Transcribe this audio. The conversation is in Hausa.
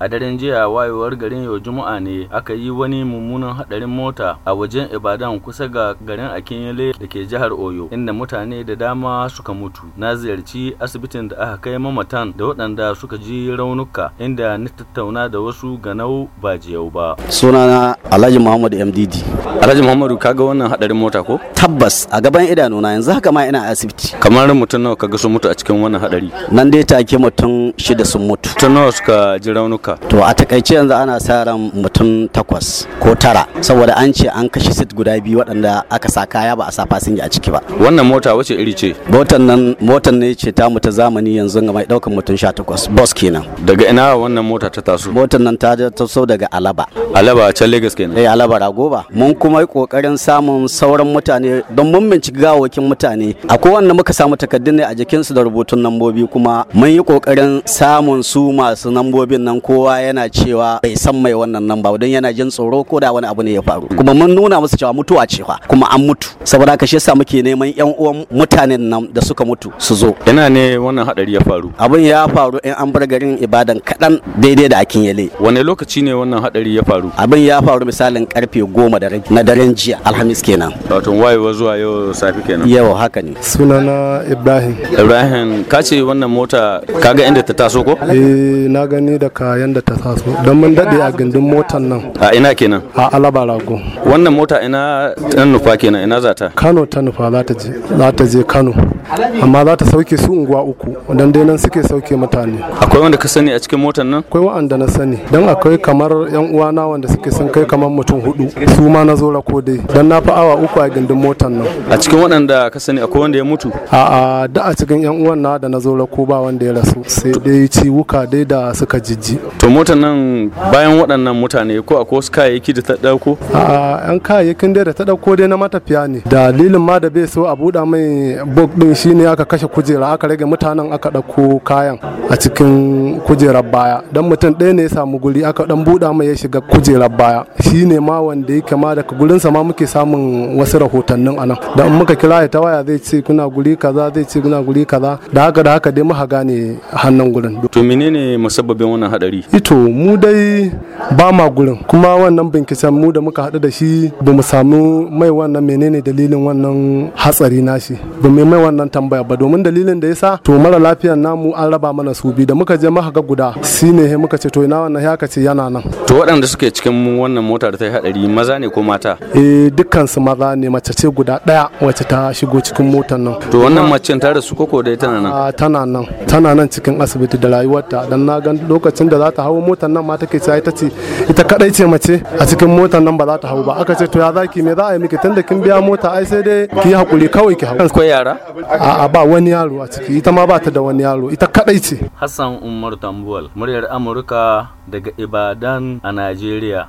A daren jiya wayewar garin yau Juma'a ne aka yi wani mummunan hadarin mota a wajen Ibadan kusa ga garin Akinyele da ke jihar Oyo inda mutane da dama suka mutu. Na ziyarci asibitin da aka kai mamatan da waɗanda suka ji raunuka inda na tattauna da wasu ganau ba jiyau ba. Sunana Alhaji Muhammadu MDD. Alhaji Muhammadu ka ga wannan hadarin mota ko? Tabbas a gaban idanuna yanzu haka ma ina asibiti. Kamar mutum nawa ga sun mutu a cikin wannan hadari? Nan dai take mutum shida sun mutu. Mutum nawa suka ji raunuka? haka to a takaice yanzu ana sa ran mutum takwas ko tara saboda an ce an kashe sit guda biyu waɗanda aka sa kaya ba a sa fasinja a ciki ba wannan mota wace iri ce motan nan motan ne ce ta mu ta zamani yanzu ga mai ɗaukar mutum sha takwas bus kenan daga ina wannan mota ta taso motan nan ta taso daga alaba alaba can lagos kenan eh alaba ragoba mun kuma yi kokarin samun sauran mutane don mun binciki gawokin mutane akwai wanda muka samu takardun ne a jikinsu da rubutun nambobi kuma mun yi kokarin samun su masu nambobin nan ko kowa yana cewa bai san mai wannan nan ba don yana jin tsoro ko da wani abu ne ya faru kuma mun nuna musu cewa mutuwa ce fa kuma an mutu saboda haka shi yasa muke neman yan uwan mutanen nan da suka mutu su zo ina ne wannan hadari ya faru abin ya faru in an bar garin ibadan kadan daidai da akin yale wane lokaci ne wannan hadari ya faru abin ya faru misalin karfe goma da rabi na daren jiya alhamis kenan wato wayewa zuwa yau safi kenan yau haka ne sunana ibrahim ibrahim ka ce wannan mota kaga inda ta taso ko eh na gani da kayan yadda ta taso don mun dade a gindin motar nan a ina kenan a alaba rago wannan mota ina nufa kenan ina zata kano ta nufa za ta je kano amma za ta sauke su unguwa uku don dai nan suke sauke mutane akwai wanda ka sani a cikin motar nan akwai wa'anda na sani don akwai kamar yan uwana wanda suke sun kai kamar mutum hudu su ma na zo ko dai don na fi awa uku a gindin motar nan a cikin waɗanda ka sani akwai wanda ya mutu a'a da a cikin yan uwan na da na zo ko ba wanda ya rasu sai dai ciwuka dai da suka jijji to motar nan bayan waɗannan mutane ko akwai wasu kayayyaki da ta ɗauko a'a yan kayayyakin dai da ta ɗauko dai na matafiya ne dalilin ma da bai so a buɗa mai bog ɗin shi ne aka kashe kujera aka rage mutanen aka ɗauko kayan a cikin kujerar baya dan mutum ɗaya ne ya samu guri aka dan buɗa mai ya shiga kujerar baya shi ne ma wanda yake ma daga gurinsa ma muke samun wasu rahotannin anan da muka kira ya ta waya zai ce kuna guri kaza zai ce kuna guri kaza da haka da haka dai muka gane hannun gurin to menene musabbabin wannan hadari ito eh mu dai ba ma gurin kuma wannan binciken mu da muka haɗu da shi ba mu samu mai wannan menene dalilin wannan hatsari nashi ba mai mai wannan wannan tambaya ba domin dalilin da yasa to mara lafiyan namu an raba mana su bi da muka je maka ga guda shine he muka ce to ina wannan ya ce yana nan to waɗanda suke cikin wannan mota da ta yi hadari maza ne ko mata eh dukkan su maza ne mace ce guda daya wacce ta shigo cikin motar nan to wannan macen ta rasu koko dai tana nan ah, tana nan tana nan cikin asibiti da rayuwarta dan na ga lokacin da za ta hawo motar nan ma take cewa ta ce ita kadai ce mace a cikin motar nan ba za ta hau ba aka ce to ya zaki me za a yi miki tunda kin biya mota ai sai dai ki hakuri kawai ki hawo ko yara a ba wani yaro a ciki ita ma ba ta da wani yaro ita kadai ce hassan umar tambuwal muryar amurka daga ibadan a najeriya